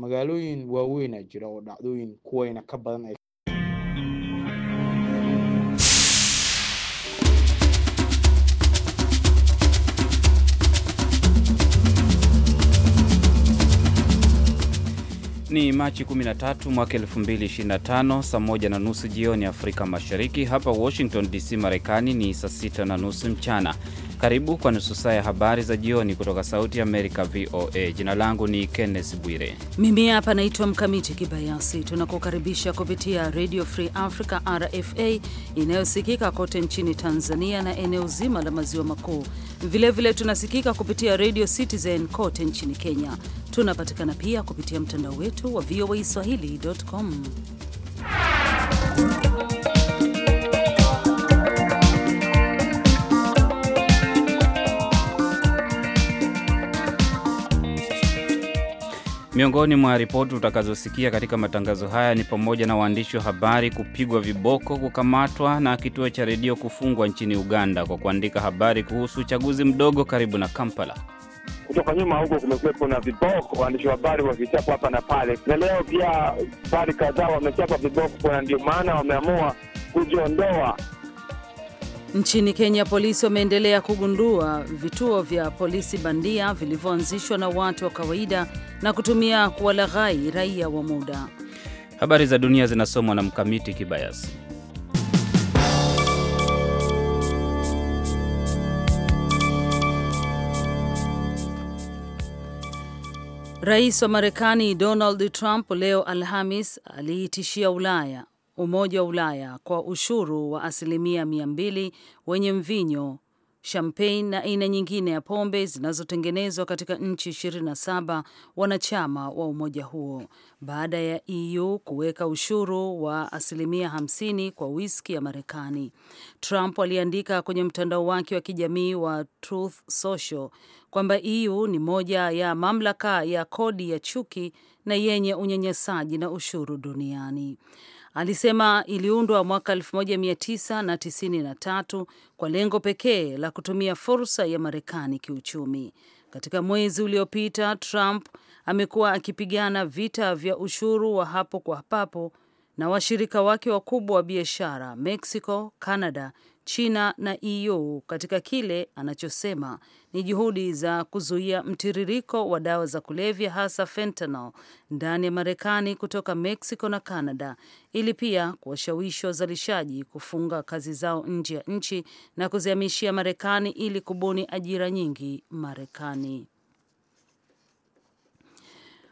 magaalooyin waaweyn jira oo dhacdooyin kuwayna ka badan ay Ni Machi 13 mwaka 2025 saa moja na nusu jioni Afrika Mashariki. Hapa Washington DC, Marekani ni saa sita na nusu mchana. Karibu kwa nusu saa ya habari za jioni kutoka Sauti ya Amerika, VOA. Jina langu ni Kenneth Bwire, mimi hapa naitwa Mkamiti Kibayasi. Tunakukaribisha kupitia Radio Free Africa, RFA, inayosikika kote nchini Tanzania na eneo zima la maziwa makuu. Vilevile tunasikika kupitia Radio Citizen kote nchini Kenya. Tunapatikana pia kupitia mtandao wetu wa voa swahili.com. Miongoni mwa ripoti utakazosikia katika matangazo haya ni pamoja na waandishi wa habari kupigwa viboko, kukamatwa na kituo cha redio kufungwa nchini Uganda kwa kuandika habari kuhusu uchaguzi mdogo karibu na Kampala. Kutoka nyuma huko kumekuwepo na viboko, waandishi wa habari wakichapwa hapa na pale, na leo pia habari kadhaa wamechapa viboko, na ndio maana wameamua kujiondoa Nchini Kenya, polisi wameendelea kugundua vituo vya polisi bandia vilivyoanzishwa na watu wa kawaida na kutumia kuwalaghai raia wa muda. Habari za dunia zinasomwa na Mkamiti Kibayasi. Rais wa Marekani Donald Trump leo Alhamis aliitishia Ulaya Umoja wa Ulaya kwa ushuru wa asilimia mia mbili wenye mvinyo, champagne na aina nyingine ya pombe zinazotengenezwa katika nchi 27 wanachama wa umoja huo baada ya EU kuweka ushuru wa asilimia 50 kwa wiski ya Marekani. Trump aliandika kwenye mtandao wake wa kijamii wa Truth Social kwamba EU ni moja ya mamlaka ya kodi ya chuki na yenye unyanyasaji na ushuru duniani. Alisema iliundwa mwaka 1993 kwa lengo pekee la kutumia fursa ya Marekani kiuchumi. Katika mwezi uliopita, Trump amekuwa akipigana vita vya ushuru wa hapo kwa papo na washirika wake wakubwa wa biashara Mexico, Canada, China na EU katika kile anachosema ni juhudi za kuzuia mtiririko wa dawa za kulevya hasa fentanyl ndani ya Marekani kutoka Mexico na Canada, ili pia kuwashawishi wazalishaji kufunga kazi zao nje ya nchi na kuzihamishia Marekani ili kubuni ajira nyingi Marekani.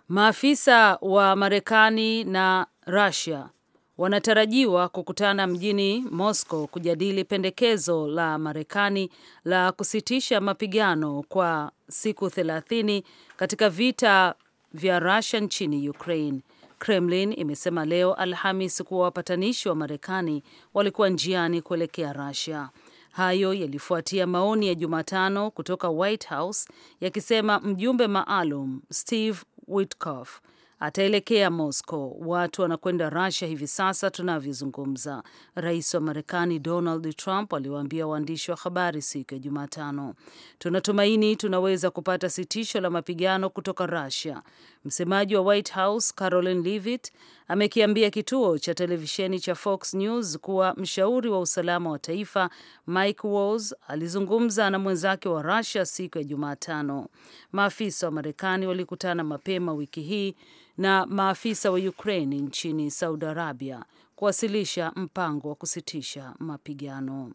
Maafisa wa Marekani na Russia wanatarajiwa kukutana mjini Moscow kujadili pendekezo la Marekani la kusitisha mapigano kwa siku 30 katika vita vya Rusia nchini Ukraine. Kremlin imesema leo Alhamis kuwa wapatanishi wa Marekani walikuwa njiani kuelekea Rusia. Hayo yalifuatia maoni ya Jumatano kutoka White House yakisema mjumbe maalum Steve Witkoff ataelekea Moscow. Watu wanakwenda Russia hivi sasa tunavyozungumza, rais wa Marekani Donald Trump aliwaambia waandishi wa habari siku ya Jumatano. Tunatumaini tunaweza kupata sitisho la mapigano kutoka Russia. Msemaji wa White House Caroline Leavitt amekiambia kituo cha televisheni cha Fox News kuwa mshauri wa usalama wa taifa Mike Walls alizungumza na mwenzake wa Russia siku ya Jumatano. Maafisa wa Marekani walikutana mapema wiki hii na maafisa wa Ukraine nchini Saudi Arabia kuwasilisha mpango wa kusitisha mapigano.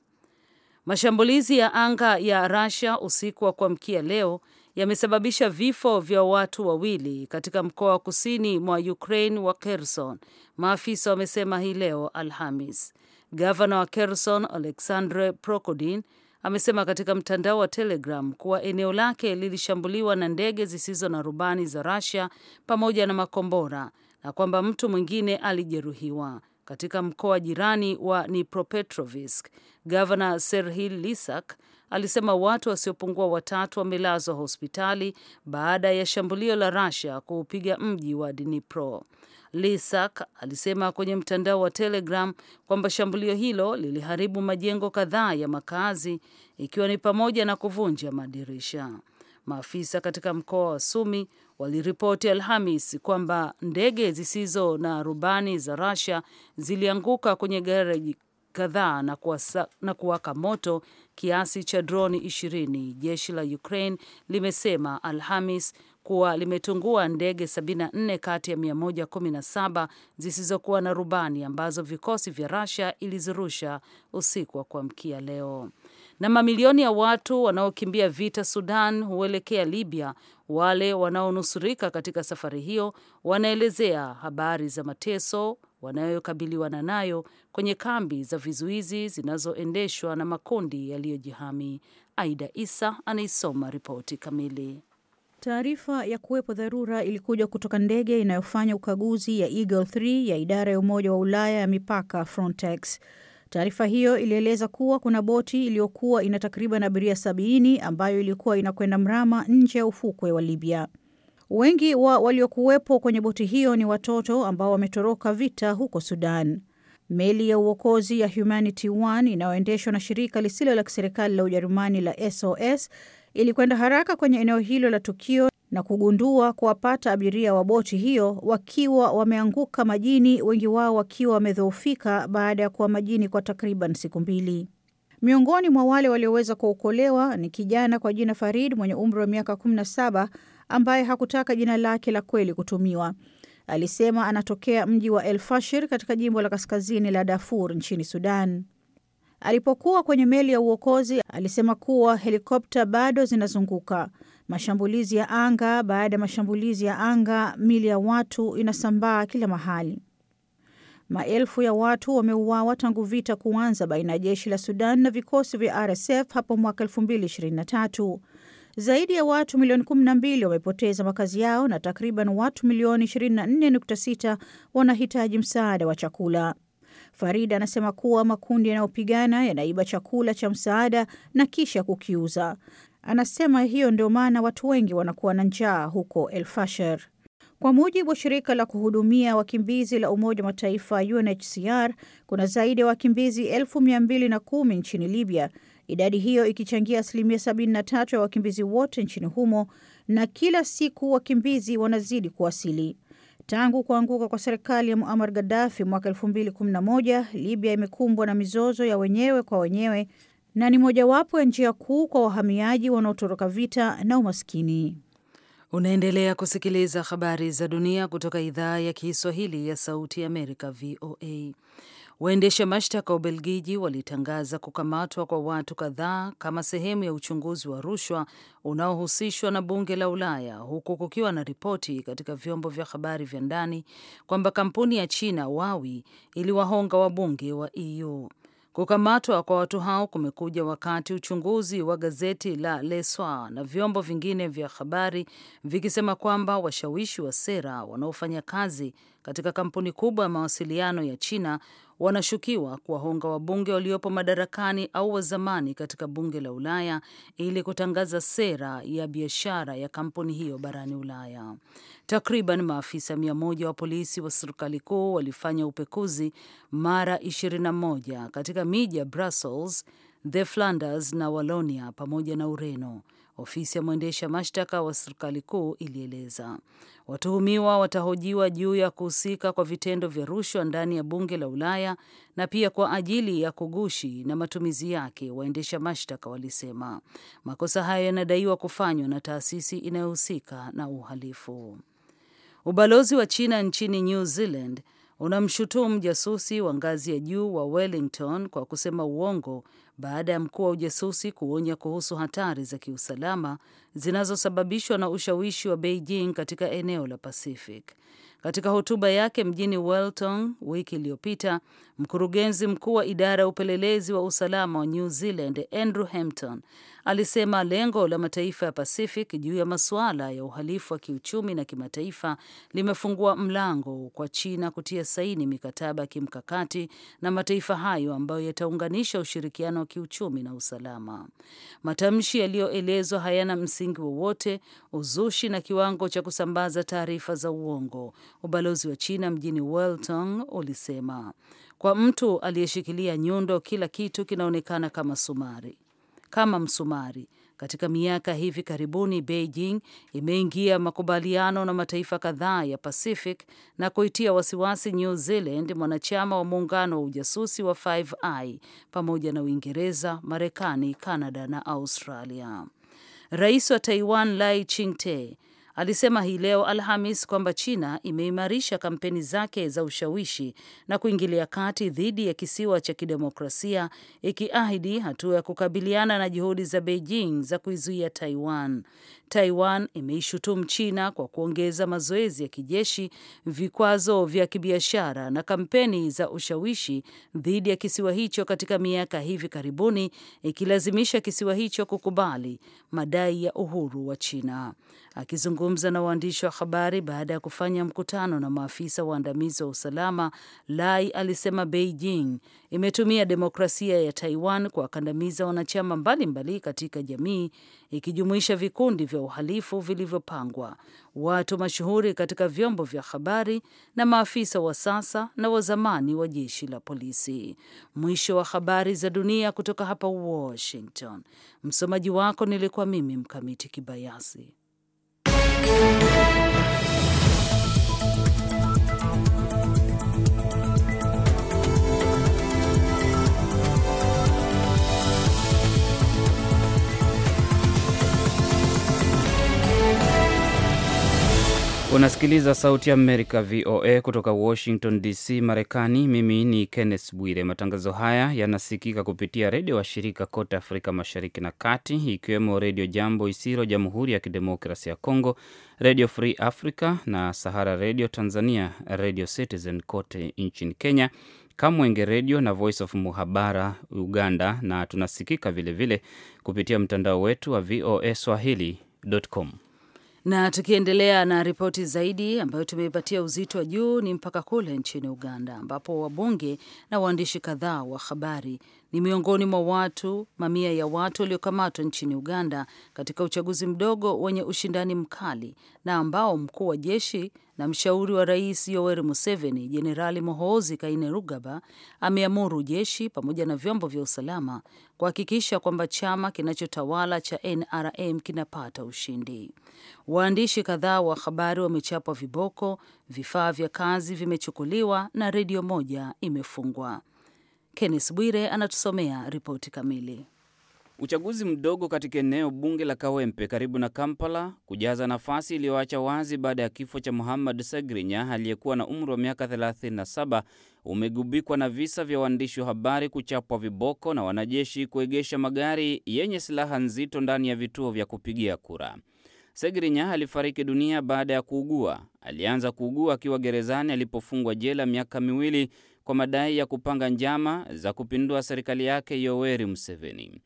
Mashambulizi ya anga ya Russia usiku wa kuamkia leo yamesababisha vifo vya watu wawili katika mkoa wa kusini mwa Ukraine wa Kherson, maafisa wamesema hii leo Alhamis. Gavana wa Kherson Alexandre Prokodin amesema katika mtandao wa Telegram kuwa eneo lake lilishambuliwa na ndege zisizo na rubani za Russia pamoja na makombora na kwamba mtu mwingine alijeruhiwa. Katika mkoa jirani wa Nipropetrovisk, gavana Serhil Lisak alisema watu wasiopungua watatu wamelazwa hospitali baada ya shambulio la Russia kuupiga mji wa Dnipro. Lisak alisema kwenye mtandao wa Telegram kwamba shambulio hilo liliharibu majengo kadhaa ya makazi ikiwa ni pamoja na kuvunja madirisha. Maafisa katika mkoa wa Sumi waliripoti Alhamis kwamba ndege zisizo na rubani za Russia zilianguka kwenye gari kadhaa na kuwaka moto kiasi cha droni ishirini. Jeshi la Ukraine limesema Alhamis kuwa limetungua ndege 74 kati ya 117 zisizokuwa na rubani ambazo vikosi vya Russia ilizirusha usiku wa kuamkia leo. Na mamilioni ya watu wanaokimbia vita Sudan huelekea Libya. Wale wanaonusurika katika safari hiyo wanaelezea habari za mateso wanayokabiliwana nayo kwenye kambi za vizuizi zinazoendeshwa na makundi yaliyojihami. Aida Isa anaisoma ripoti kamili. Taarifa ya kuwepo dharura ilikuja kutoka ndege inayofanya ukaguzi ya Eagle 3 ya idara ya Umoja wa Ulaya ya mipaka Frontex. Taarifa hiyo ilieleza kuwa kuna boti iliyokuwa ina takriban abiria sabini ambayo ilikuwa inakwenda mrama nje ya ufukwe wa Libya. Wengi wa waliokuwepo kwenye boti hiyo ni watoto ambao wametoroka vita huko Sudan. Meli ya uokozi ya Humanity One inayoendeshwa na shirika lisilo la kiserikali la Ujerumani la SOS ilikwenda haraka kwenye eneo hilo la tukio na kugundua kuwapata abiria wa boti hiyo wakiwa wameanguka majini, wengi wao wakiwa wamedhoofika baada ya kuwa majini kwa takriban siku mbili. Miongoni mwa wale walioweza kuokolewa ni kijana kwa jina Farid mwenye umri wa miaka 17 ambaye hakutaka jina lake la kweli kutumiwa. Alisema anatokea mji wa El Fashir katika jimbo la kaskazini la Darfur nchini Sudan. Alipokuwa kwenye meli ya uokozi, alisema kuwa helikopta bado zinazunguka. Mashambulizi ya anga baada ya mashambulizi ya anga, mili ya watu inasambaa kila mahali. Maelfu ya watu wameuawa tangu vita kuanza baina ya jeshi la Sudan na vikosi vya RSF hapo mwaka 2023. Zaidi ya watu milioni 12 wamepoteza makazi yao na takriban watu milioni 24.6 wanahitaji msaada wa chakula. Farida anasema kuwa makundi yanayopigana yanaiba chakula cha msaada na kisha kukiuza. Anasema hiyo ndio maana watu wengi wanakuwa na njaa huko El Fasher. Kwa mujibu wa shirika la kuhudumia wakimbizi la Umoja wa Mataifa UNHCR, kuna zaidi ya wakimbizi elfu mia mbili na kumi nchini Libya idadi hiyo ikichangia asilimia 73 ya wakimbizi wote nchini humo, na kila siku wakimbizi wanazidi kuwasili. Tangu kuanguka kwa serikali ya Muammar Gaddafi mwaka moja, Libya imekumbwa na mizozo ya wenyewe kwa wenyewe na ni mojawapo ya njia kuu kwa wahamiaji wanaotoroka vita na umaskini. Unaendelea kusikiliza habari za dunia kutoka idhaa ya Kiswahili ya Sauti ya Amerika, VOA. Waendesha mashtaka wa Ubelgiji walitangaza kukamatwa kwa watu kadhaa kama sehemu ya uchunguzi wa rushwa unaohusishwa na bunge la Ulaya, huku kukiwa na ripoti katika vyombo vya habari vya ndani kwamba kampuni ya China Huawei iliwahonga wabunge wa EU. Kukamatwa kwa watu hao kumekuja wakati uchunguzi wa gazeti la Le Soir na vyombo vingine vya habari vikisema kwamba washawishi wa sera wanaofanya kazi katika kampuni kubwa ya mawasiliano ya China wanashukiwa kuwahonga wabunge waliopo madarakani au wa zamani katika bunge la Ulaya ili kutangaza sera ya biashara ya kampuni hiyo barani Ulaya. Takriban maafisa mia moja wa polisi wa serikali kuu walifanya upekuzi mara 21 katika miji ya Brussels, the Flanders na walonia pamoja na Ureno Ofisi ya mwendesha mashtaka wa serikali kuu ilieleza watuhumiwa watahojiwa juu ya kuhusika kwa vitendo vya rushwa ndani ya bunge la Ulaya na pia kwa ajili ya kugushi na matumizi yake. Waendesha mashtaka walisema makosa hayo yanadaiwa kufanywa na taasisi inayohusika na uhalifu. Ubalozi wa China nchini New Zealand unamshutumu jasusi wa ngazi ya juu wa Wellington kwa kusema uongo baada ya mkuu wa ujasusi kuonya kuhusu hatari za kiusalama zinazosababishwa na ushawishi wa Beijing katika eneo la Pacific. Katika hotuba yake mjini Wellington wiki iliyopita, mkurugenzi mkuu wa idara ya upelelezi wa usalama wa New Zealand Andrew Hampton alisema lengo la mataifa ya Pacific juu ya masuala ya uhalifu wa kiuchumi na kimataifa limefungua mlango kwa China kutia saini mikataba ya kimkakati na mataifa hayo ambayo yataunganisha ushirikiano wa kiuchumi na usalama. Matamshi yaliyoelezwa hayana msingi wowote, uzushi na kiwango cha kusambaza taarifa za uongo Ubalozi wa China mjini weltong ulisema. Kwa mtu aliyeshikilia nyundo, kila kitu kinaonekana kama sumari, kama msumari. Katika miaka hivi karibuni Beijing imeingia makubaliano na mataifa kadhaa ya Pacific na kuitia wasiwasi New Zealand, mwanachama wa muungano wa ujasusi wa 5i pamoja na Uingereza, Marekani, Kanada na Australia. Rais wa Taiwan Lai Ching-te alisema hii leo Alhamis kwamba China imeimarisha kampeni zake za ushawishi na kuingilia kati dhidi ya kisiwa cha kidemokrasia, ikiahidi hatua ya kukabiliana na juhudi za Beijing za kuizuia Taiwan. Taiwan imeishutumu China kwa kuongeza mazoezi ya kijeshi, vikwazo vya kibiashara na kampeni za ushawishi dhidi ya kisiwa hicho katika miaka hivi karibuni, ikilazimisha kisiwa hicho kukubali madai ya uhuru wa China. Akizungumza na waandishi wa habari baada ya kufanya mkutano na maafisa waandamizi wa usalama, Lai alisema Beijing imetumia demokrasia ya Taiwan kuwakandamiza wanachama mbalimbali katika jamii, ikijumuisha vikundi vya uhalifu vilivyopangwa, watu mashuhuri katika vyombo vya habari na maafisa wa sasa na wa zamani wa jeshi la polisi. Mwisho wa habari za dunia kutoka hapa Washington. Msomaji wako nilikuwa mimi Mkamiti Kibayasi. Thank you. Unasikiliza Sauti ya Amerika, VOA, kutoka Washington DC, Marekani. Mimi ni Kenneth Bwire. Matangazo haya yanasikika kupitia redio washirika kote Afrika Mashariki na Kati, ikiwemo Redio Jambo Isiro, Jamhuri ya Kidemokrasi ya congo Redio Free Africa na Sahara Redio Tanzania, Redio Citizen kote nchini Kenya, Kamwenge Redio na Voice of Muhabara Uganda, na tunasikika vilevile vile kupitia mtandao wetu wa voa swahili.com. Na tukiendelea na ripoti zaidi ambayo tumeipatia uzito wa juu ni mpaka kule nchini Uganda ambapo wabunge na waandishi kadhaa wa habari ni miongoni mwa watu mamia ya watu waliokamatwa nchini Uganda katika uchaguzi mdogo wenye ushindani mkali na ambao mkuu wa jeshi na mshauri wa rais Yoweri Museveni, Jenerali kaine Kainerugaba ameamuru jeshi pamoja na vyombo vya usalama kuhakikisha kwamba chama kinachotawala cha NRM kinapata ushindi. Waandishi kadhaa wa habari wamechapwa viboko, vifaa vya kazi vimechukuliwa na redio moja imefungwa. Kennes Bwire anatusomea ripoti kamili. Uchaguzi mdogo katika eneo bunge la Kawempe karibu na Kampala kujaza nafasi iliyoacha wazi baada ya kifo cha Muhammad Segrinya aliyekuwa na umri wa miaka 37 umegubikwa na visa vya waandishi wa habari kuchapwa viboko na wanajeshi kuegesha magari yenye silaha nzito ndani ya vituo vya kupigia kura. Segrinya alifariki dunia baada ya kuugua. Alianza kuugua akiwa gerezani alipofungwa jela miaka miwili kwa madai ya kupanga njama za kupindua serikali yake Yoweri Museveni.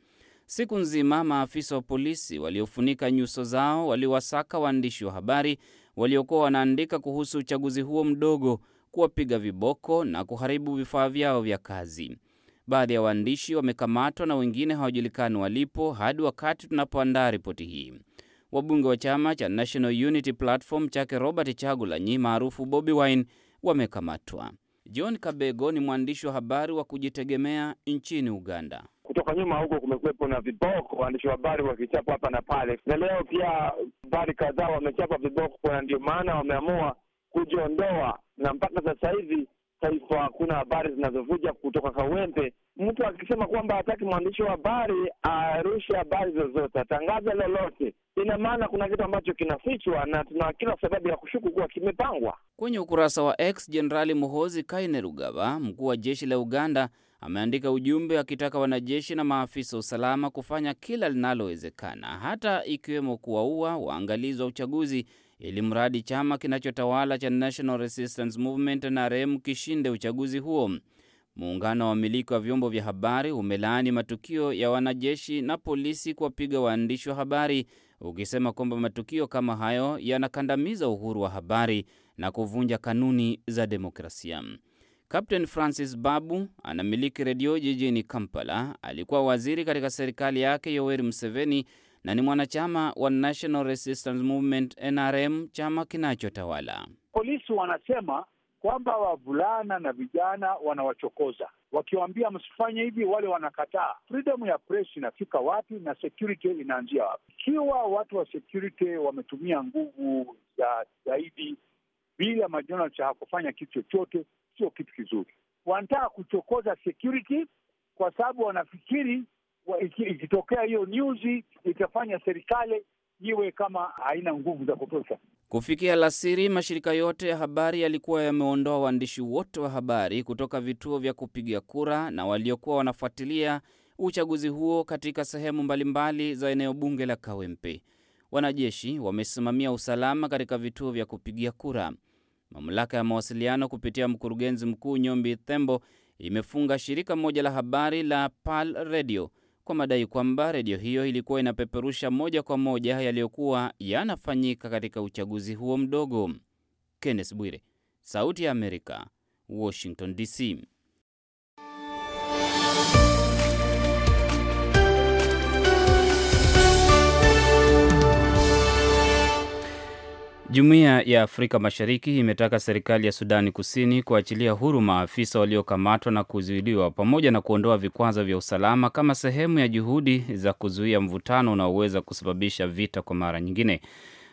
Siku nzima maafisa wa polisi waliofunika nyuso zao waliwasaka waandishi wa habari waliokuwa wanaandika kuhusu uchaguzi huo mdogo, kuwapiga viboko na kuharibu vifaa vyao vya kazi. Baadhi ya waandishi wamekamatwa na wengine hawajulikani walipo hadi wakati tunapoandaa ripoti hii. Wabunge wa chama cha National Unity Platform chake Robert Chagulanyi maarufu Bobi Wine wamekamatwa. John Kabego ni mwandishi wa habari wa kujitegemea nchini Uganda. Kutoka nyuma huko kumekuwepo na viboko, waandishi wa habari wakichapa hapa na pale, na leo pia habari kadhaa wamechapa viboko, na ndio maana wameamua kujiondoa, na mpaka sasa hivi taifa hakuna habari zinazovuja kutoka Kawempe. Mtu akisema kwamba hataki mwandishi wa habari arushe habari zozote, atangaze lolote, ina maana kuna kitu ambacho kinafichwa na tuna kila sababu ya kushuku kuwa kimepangwa. Kwenye ukurasa wa X, Jenerali Muhozi Kainerugaba, mkuu wa jeshi la Uganda, ameandika ujumbe akitaka wanajeshi na maafisa wa usalama kufanya kila linalowezekana, hata ikiwemo kuwaua waangalizi wa uchaguzi ili mradi chama kinachotawala cha National Resistance Movement NRM kishinde uchaguzi huo. Muungano wa wamiliki wa vyombo vya habari umelaani matukio ya wanajeshi na polisi kuwapiga waandishi wa habari, ukisema kwamba matukio kama hayo yanakandamiza uhuru wa habari na kuvunja kanuni za demokrasia. Captain Francis Babu anamiliki redio jijini Kampala. Alikuwa waziri katika serikali yake Yoweri Museveni na ni mwanachama wa National Resistance Movement NRM, chama kinachotawala. Polisi wanasema kwamba wavulana na vijana wanawachokoza wakiwaambia msifanye hivi, wale wanakataa. Freedom ya press inafika wapi na security inaanzia wapi? Ikiwa watu wa security wametumia nguvu za zaidi bila Donald Trump hakufanya kitu chochote, sio kitu kizuri. Wanataka kuchokoza security kwa sababu wanafikiri ikitokea hiyo nyuzi itafanya serikali iwe kama haina nguvu za kutosha. Kufikia alasiri, mashirika yote ya habari yalikuwa yameondoa waandishi wote wa habari kutoka vituo vya kupiga kura na waliokuwa wanafuatilia uchaguzi huo katika sehemu mbalimbali za eneo bunge la Kawempe. Wanajeshi wamesimamia usalama katika vituo vya kupigia kura. Mamlaka ya mawasiliano kupitia mkurugenzi mkuu Nyombi Thembo imefunga shirika moja la habari la Pal Radio kwa madai kwamba redio hiyo ilikuwa inapeperusha moja kwa moja yaliyokuwa yanafanyika katika uchaguzi huo mdogo. Kenneth Bwire, Sauti ya Amerika, Washington DC. Jumuiya ya Afrika Mashariki imetaka serikali ya Sudani Kusini kuachilia huru maafisa waliokamatwa na kuzuiliwa pamoja na kuondoa vikwazo vya usalama kama sehemu ya juhudi za kuzuia mvutano unaoweza kusababisha vita kwa mara nyingine.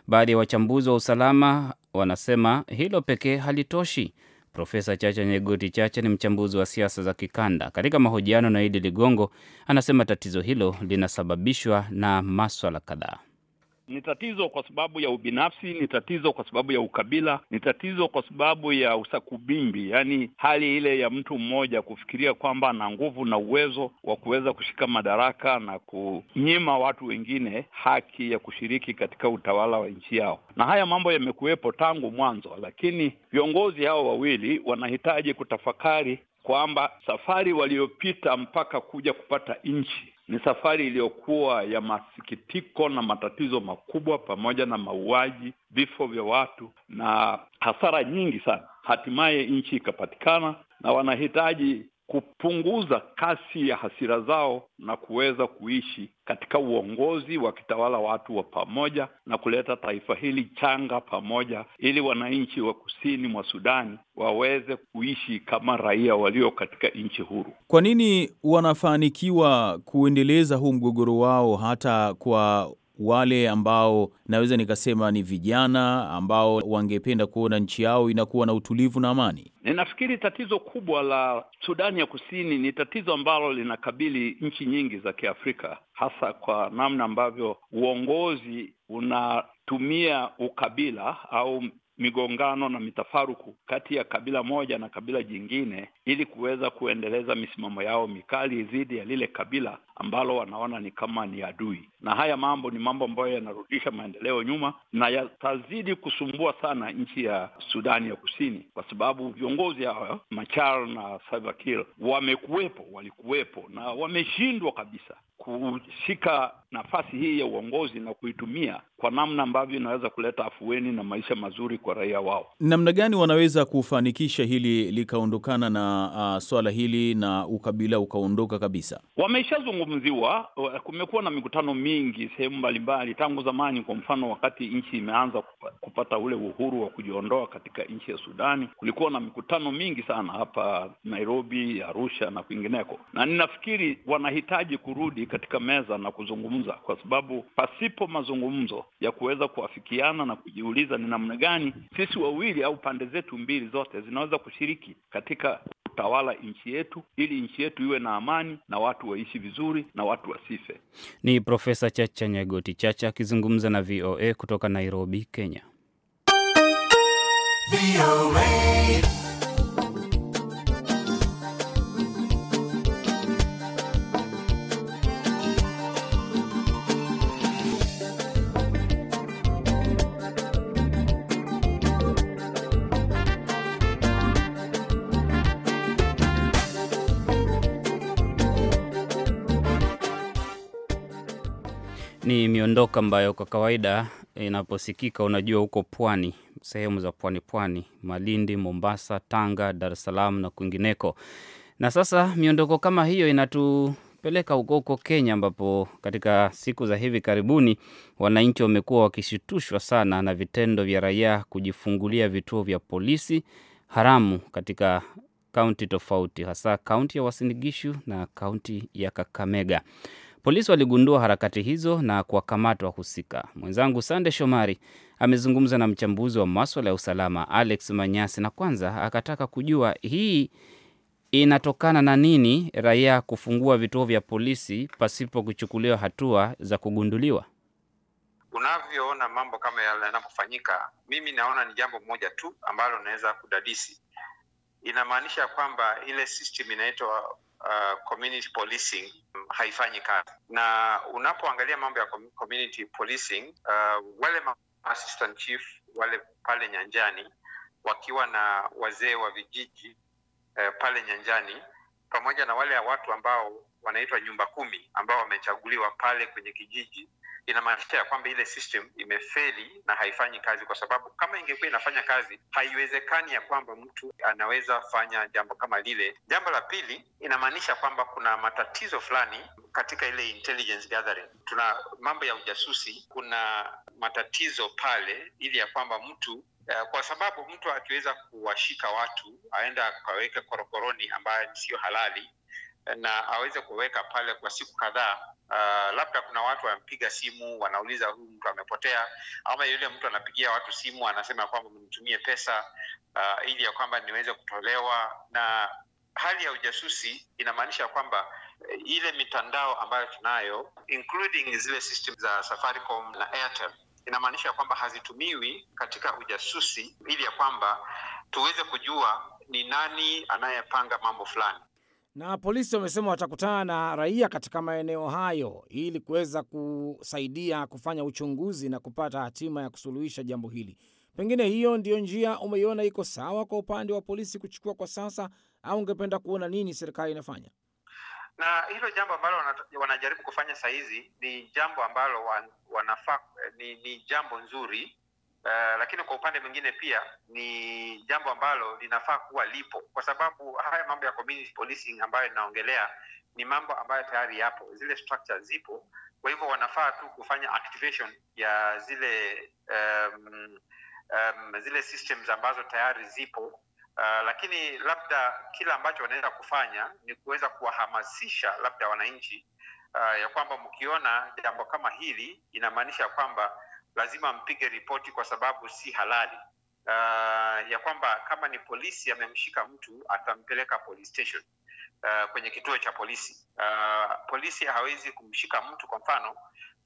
Baadhi ya wachambuzi wa usalama wanasema hilo pekee halitoshi. Profesa Chacha Nyegoti Chacha ni mchambuzi wa siasa za kikanda. Katika mahojiano na Idi Ligongo, anasema tatizo hilo linasababishwa na maswala kadhaa. Ni tatizo kwa sababu ya ubinafsi, ni tatizo kwa sababu ya ukabila, ni tatizo kwa sababu ya usakubimbi, yaani hali ile ya mtu mmoja kufikiria kwamba ana nguvu na uwezo wa kuweza kushika madaraka na kunyima watu wengine haki ya kushiriki katika utawala wa nchi yao. Na haya mambo yamekuwepo tangu mwanzo, lakini viongozi hao wawili wanahitaji kutafakari kwamba safari waliopita mpaka kuja kupata nchi ni safari iliyokuwa ya masikitiko na matatizo makubwa, pamoja na mauaji, vifo vya watu na hasara nyingi sana. Hatimaye nchi ikapatikana, na wanahitaji kupunguza kasi ya hasira zao na kuweza kuishi katika uongozi wakitawala watu wa pamoja na kuleta taifa hili changa pamoja, ili wananchi wa kusini mwa Sudani waweze kuishi kama raia walio katika nchi huru. Kwa nini wanafanikiwa kuendeleza huu mgogoro wao hata kwa wale ambao naweza nikasema ni vijana ambao wangependa kuona nchi yao inakuwa na utulivu na amani. Ninafikiri tatizo kubwa la Sudani ya Kusini ni tatizo ambalo linakabili nchi nyingi za Kiafrika, hasa kwa namna ambavyo uongozi unatumia ukabila au migongano na mitafaruku kati ya kabila moja na kabila jingine, ili kuweza kuendeleza misimamo yao mikali dhidi ya lile kabila ambalo wanaona ni kama ni adui. Na haya mambo ni mambo ambayo yanarudisha maendeleo nyuma na yatazidi kusumbua sana nchi ya Sudani ya Kusini, kwa sababu viongozi hawa Machar na Salva Kiir wamekuwepo, walikuwepo na wameshindwa kabisa kushika nafasi hii ya uongozi na kuitumia kwa namna ambavyo inaweza kuleta afueni na maisha mazuri kwa raia wao. Namna gani wanaweza kufanikisha hili likaondokana na uh, swala hili na ukabila ukaondoka kabisa? Wameshazungumziwa, uh, kumekuwa na mikutano mingi sehemu mbalimbali tangu zamani. Kwa mfano, wakati nchi imeanza kupata ule uhuru wa kujiondoa katika nchi ya Sudani, kulikuwa na mikutano mingi sana hapa Nairobi, Arusha na kwingineko, na ninafikiri wanahitaji kurudi katika meza na kuzungumza, kwa sababu pasipo mazungumzo ya kuweza kuafikiana na kujiuliza ni namna gani sisi wawili au pande zetu mbili zote zinaweza kushiriki katika tawala nchi yetu ili nchi yetu iwe na amani na watu waishi vizuri na watu wasife. Ni Profesa Chacha Nyagoti Chacha akizungumza na VOA kutoka Nairobi, Kenya. VOA. dondoka ambayo kwa kawaida inaposikika unajua huko pwani, sehemu za pwani pwani, Malindi, Mombasa, Tanga, Dar es Salaam na kwingineko. Na sasa miondoko kama hiyo inatupeleka huko huko Kenya, ambapo katika siku za hivi karibuni wananchi wamekuwa wakishitushwa sana na vitendo vya raia kujifungulia vituo vya polisi haramu katika kaunti tofauti, hasa kaunti ya wasinigishu na kaunti ya Kakamega. Polisi waligundua harakati hizo na kuwakamata wahusika. Mwenzangu Sande Shomari amezungumza na mchambuzi wa maswala ya usalama Alex Manyasi, na kwanza akataka kujua hii inatokana na nini, raia kufungua vituo vya polisi pasipo kuchukuliwa hatua za kugunduliwa. Unavyoona mambo kama yale yanapofanyika, mimi naona ni jambo moja tu ambalo naweza kudadisi. Inamaanisha kwamba ile system inaitwa uh, community policing um, haifanyi kazi, na unapoangalia mambo ya community policing uh, wale assistant chief wale pale nyanjani wakiwa na wazee wa vijiji uh, pale nyanjani pamoja na wale watu ambao wanaitwa nyumba kumi ambao wamechaguliwa pale kwenye kijiji inamaanisha ya kwamba ile system imefeli na haifanyi kazi, kwa sababu kama ingekuwa inafanya kazi, haiwezekani ya kwamba mtu anaweza fanya jambo kama lile. Jambo la pili, inamaanisha kwamba kuna matatizo fulani katika ile intelligence gathering. Tuna mambo ya ujasusi, kuna matatizo pale, ili ya kwamba mtu eh, kwa sababu mtu akiweza kuwashika watu aenda akaweka korokoroni ambayo sio halali eh, na aweze kuweka pale kwa siku kadhaa Uh, labda kuna watu wamepiga simu wanauliza huyu mtu amepotea, ama yule mtu anapigia watu simu anasema kwamba mnitumie pesa uh, ili ya kwamba niweze kutolewa. Na hali ya ujasusi inamaanisha kwamba eh, ile mitandao ambayo tunayo including zile system za Safaricom na Airtel inamaanisha kwamba hazitumiwi katika ujasusi ili ya kwamba tuweze kujua ni nani anayepanga mambo fulani. Na polisi wamesema watakutana na raia katika maeneo hayo ili kuweza kusaidia kufanya uchunguzi na kupata hatima ya kusuluhisha jambo hili. Pengine hiyo ndiyo njia umeiona iko sawa kwa upande wa polisi kuchukua kwa sasa, au ungependa kuona nini serikali inafanya? Na hilo jambo ambalo wanajaribu kufanya saa hizi ni jambo ambalo wanafaa, ni, ni jambo nzuri Uh, lakini kwa upande mwingine pia ni jambo ambalo linafaa kuwa lipo, kwa sababu haya mambo ya community policing ambayo inaongelea ni mambo ambayo tayari yapo, zile structure zipo. Kwa hivyo wanafaa tu kufanya activation ya zile um, um, zile systems ambazo tayari zipo uh, lakini labda kila ambacho wanaweza kufanya ni kuweza kuwahamasisha labda wananchi uh, ya kwamba mkiona jambo kama hili inamaanisha kwamba lazima mpige ripoti kwa sababu si halali. Uh, ya kwamba kama ni polisi amemshika mtu atampeleka police station uh, kwenye kituo cha polisi. Uh, polisi hawezi kumshika mtu kwa mfano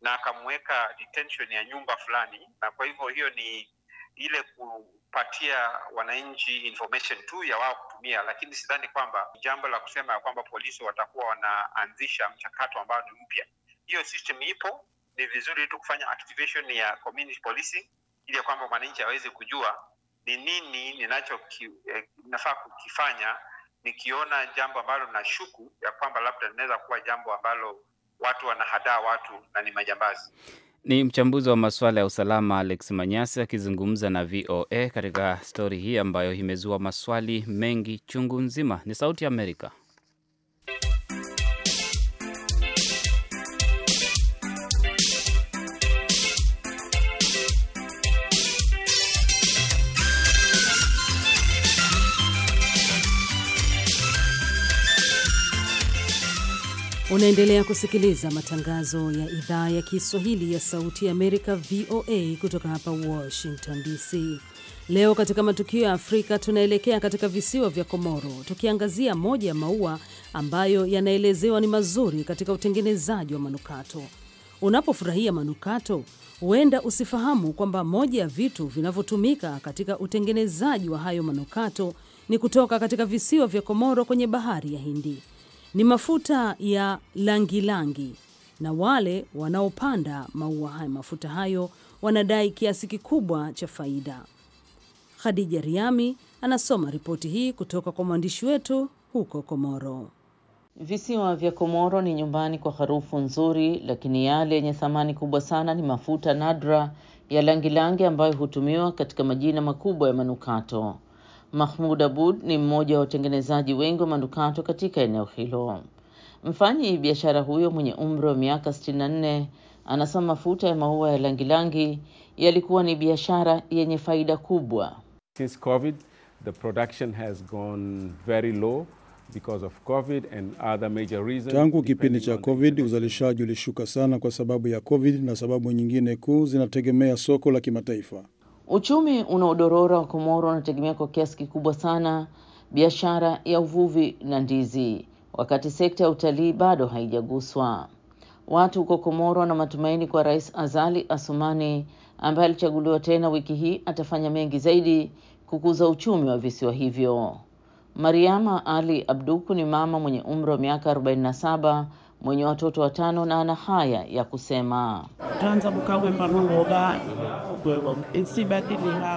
na akamweka detention ya nyumba fulani, na kwa hivyo hiyo ni ile kupatia wananchi information tu ya wao kutumia, lakini sidhani kwamba jambo la kusema ya kwamba polisi watakuwa wanaanzisha mchakato ambao ni mpya. Hiyo system ipo ni vizuri tu kufanya activation ya community policing ili ya kwamba mwananchi aweze kujua ni nini ninacho ki, eh, nafaa kukifanya nikiona jambo ambalo nashuku ya kwamba labda linaweza kuwa jambo ambalo watu wanahadaa watu na ni majambazi. Ni mchambuzi wa masuala ya usalama Alex Manyasi akizungumza na VOA katika stori hii ambayo imezua maswali mengi chungu nzima. Ni Sauti ya Amerika. Unaendelea kusikiliza matangazo ya idhaa ya Kiswahili ya Sauti ya Amerika, VOA, kutoka hapa Washington DC. Leo katika matukio ya Afrika tunaelekea katika visiwa vya Komoro, tukiangazia moja ya maua ambayo yanaelezewa ni mazuri katika utengenezaji wa manukato. Unapofurahia manukato, huenda usifahamu kwamba moja ya vitu vinavyotumika katika utengenezaji wa hayo manukato ni kutoka katika visiwa vya Komoro kwenye bahari ya Hindi ni mafuta ya langilangi, na wale wanaopanda maua haya mafuta hayo wanadai kiasi kikubwa cha faida. Khadija Riami anasoma ripoti hii kutoka kwa mwandishi wetu huko Komoro. Visiwa vya Komoro ni nyumbani kwa harufu nzuri, lakini yale yenye thamani kubwa sana ni mafuta nadra ya langilangi ambayo hutumiwa katika majina makubwa ya manukato. Mahmud Abud ni mmoja wa watengenezaji wengi wa manukato katika eneo hilo. Mfanyi biashara huyo mwenye umri wa miaka 64 anasema mafuta ya maua ya langilangi yalikuwa ni biashara yenye faida kubwa. Since COVID, the production has gone very low because of COVID and other major reasons. Tangu kipindi cha COVID uzalishaji ulishuka sana kwa sababu ya COVID na sababu nyingine kuu zinategemea soko la kimataifa. Uchumi unaodorora wa Komoro unategemea kwa kiasi kikubwa sana biashara ya uvuvi na ndizi, wakati sekta ya utalii bado haijaguswa. Watu huko Komoro wana matumaini kwa Rais Azali asumani ambaye alichaguliwa tena wiki hii atafanya mengi zaidi kukuza uchumi wa visiwa hivyo. Mariama Ali Abduku ni mama mwenye umri wa miaka 47 mwenye watoto watano na ana haya ya kusema: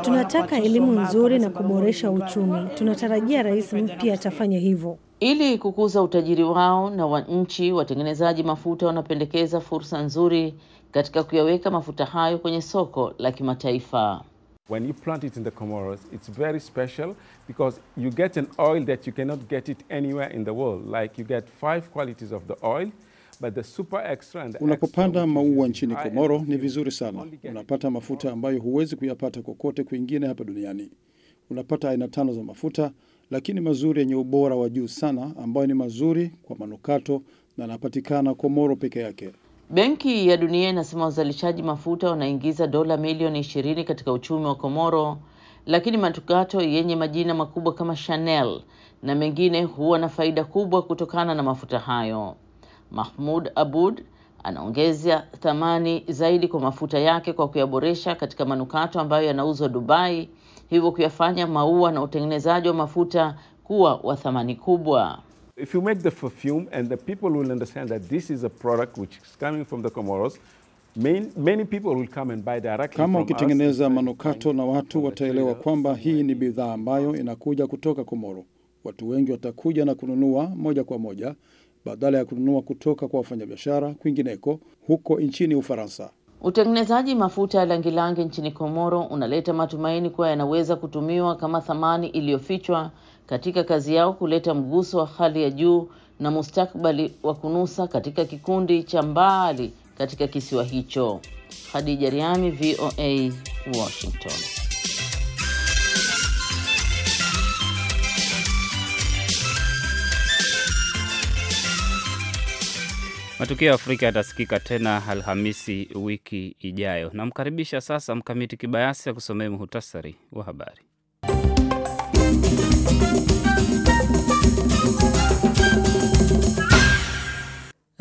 tunataka elimu nzuri na kuboresha uchumi. Tunatarajia rais mpya atafanya hivyo. Ili kukuza utajiri wao na wa nchi, watengenezaji mafuta wanapendekeza fursa nzuri katika kuyaweka mafuta hayo kwenye soko la kimataifa when you plant it in the Comoros, it's very special because you get an oil that you cannot get it anywhere in the world. Like you get five qualities of the oil. But the super extra and the unapopanda maua nchini Komoro ni vizuri sana, unapata mafuta ambayo huwezi kuyapata kokote kwingine hapa duniani. Unapata aina tano za mafuta, lakini mazuri yenye ubora wa juu sana, ambayo ni mazuri kwa manukato na yanapatikana Komoro peke yake. Benki ya Dunia inasema wazalishaji mafuta wanaingiza dola milioni ishirini katika uchumi wa Komoro, lakini matukato yenye majina makubwa kama Chanel na mengine huwa na faida kubwa kutokana na mafuta hayo. Mahmud Abud anaongeza thamani zaidi kwa mafuta yake kwa kuyaboresha katika manukato ambayo yanauzwa Dubai, hivyo kuyafanya maua na utengenezaji wa mafuta kuwa wa thamani kubwa if you make the perfume and the people will understand that this is a product which is coming from the Comoros, Main, many people will come and buy directly kama ukitengeneza manukato na watu wataelewa kwamba hii ni bidhaa ambayo inakuja kutoka Komoro. Watu wengi watakuja na kununua moja kwa moja badala ya kununua kutoka kwa wafanyabiashara kwingineko huko nchini Ufaransa. Utengenezaji mafuta ya langilangi nchini Komoro unaleta matumaini kuwa yanaweza kutumiwa kama thamani iliyofichwa katika kazi yao kuleta mguso wa hali ya juu na mustakbali wa kunusa katika kikundi cha mbali katika kisiwa hicho. Khadija Riami, VOA, Washington. Matukio ya Afrika yatasikika tena Alhamisi wiki ijayo. Namkaribisha sasa Mkamiti Kibayasi akusomee muhutasari wa habari. Thank you.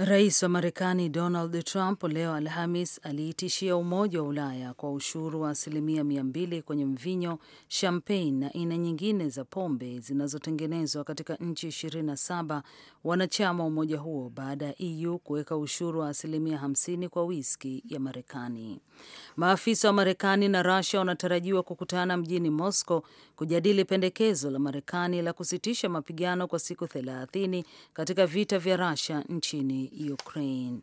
Rais wa Marekani Donald Trump leo Alhamis aliitishia Umoja wa Ulaya kwa ushuru wa asilimia mia mbili kwenye mvinyo, champagne na aina nyingine za pombe zinazotengenezwa katika nchi 27 wanachama wa umoja huo baada ya EU kuweka ushuru wa asilimia 50 kwa wiski ya Marekani. Maafisa wa Marekani na rasia wanatarajiwa kukutana mjini Moscow kujadili pendekezo la Marekani la kusitisha mapigano kwa siku 30 katika vita vya Russia nchini Ukraine.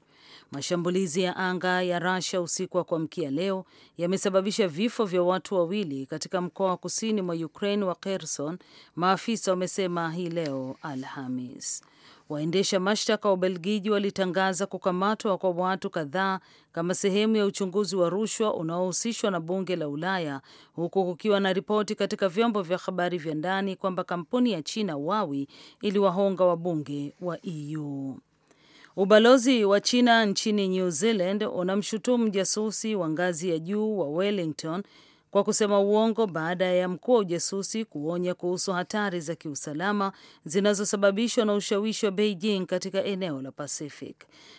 Mashambulizi ya anga ya Russia usiku wa kuamkia leo yamesababisha vifo vya watu wawili katika mkoa wa kusini mwa Ukraine wa Kherson, maafisa wamesema hii leo Alhamis. Waendesha mashtaka wa Ubelgiji walitangaza kukamatwa kwa watu kadhaa kama sehemu ya uchunguzi wa rushwa unaohusishwa na bunge la Ulaya, huku kukiwa na ripoti katika vyombo vya habari vya ndani kwamba kampuni ya China Huawei iliwahonga wabunge wa EU. Ubalozi wa China nchini New Zealand unamshutumu jasusi wa ngazi ya juu wa Wellington kwa kusema uongo baada ya mkuu wa ujasusi kuonya kuhusu hatari za kiusalama zinazosababishwa na ushawishi wa Beijing katika eneo la Pacific.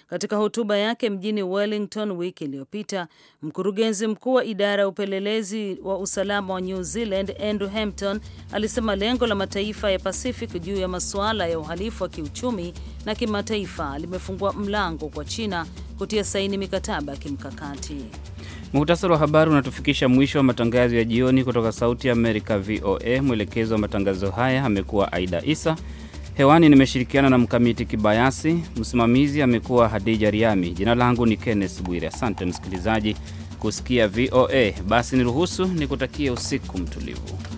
Katika hotuba yake mjini Wellington wiki iliyopita, mkurugenzi mkuu wa idara ya upelelezi wa usalama wa New Zealand Andrew Hampton alisema lengo la mataifa ya Pacific juu ya masuala ya uhalifu wa kiuchumi na kimataifa limefungua mlango kwa China kutia saini mikataba ya kimkakati. Muhtasari wa habari unatufikisha mwisho wa matangazo ya jioni kutoka Sauti ya Amerika, VOA. Mwelekezi wa matangazo haya amekuwa Aida Isa. Hewani nimeshirikiana na Mkamiti Kibayasi, msimamizi amekuwa Hadija Riami. Jina langu ni Kenneth Bwire. Asante msikilizaji kusikia VOA. Basi niruhusu nikutakie usiku mtulivu.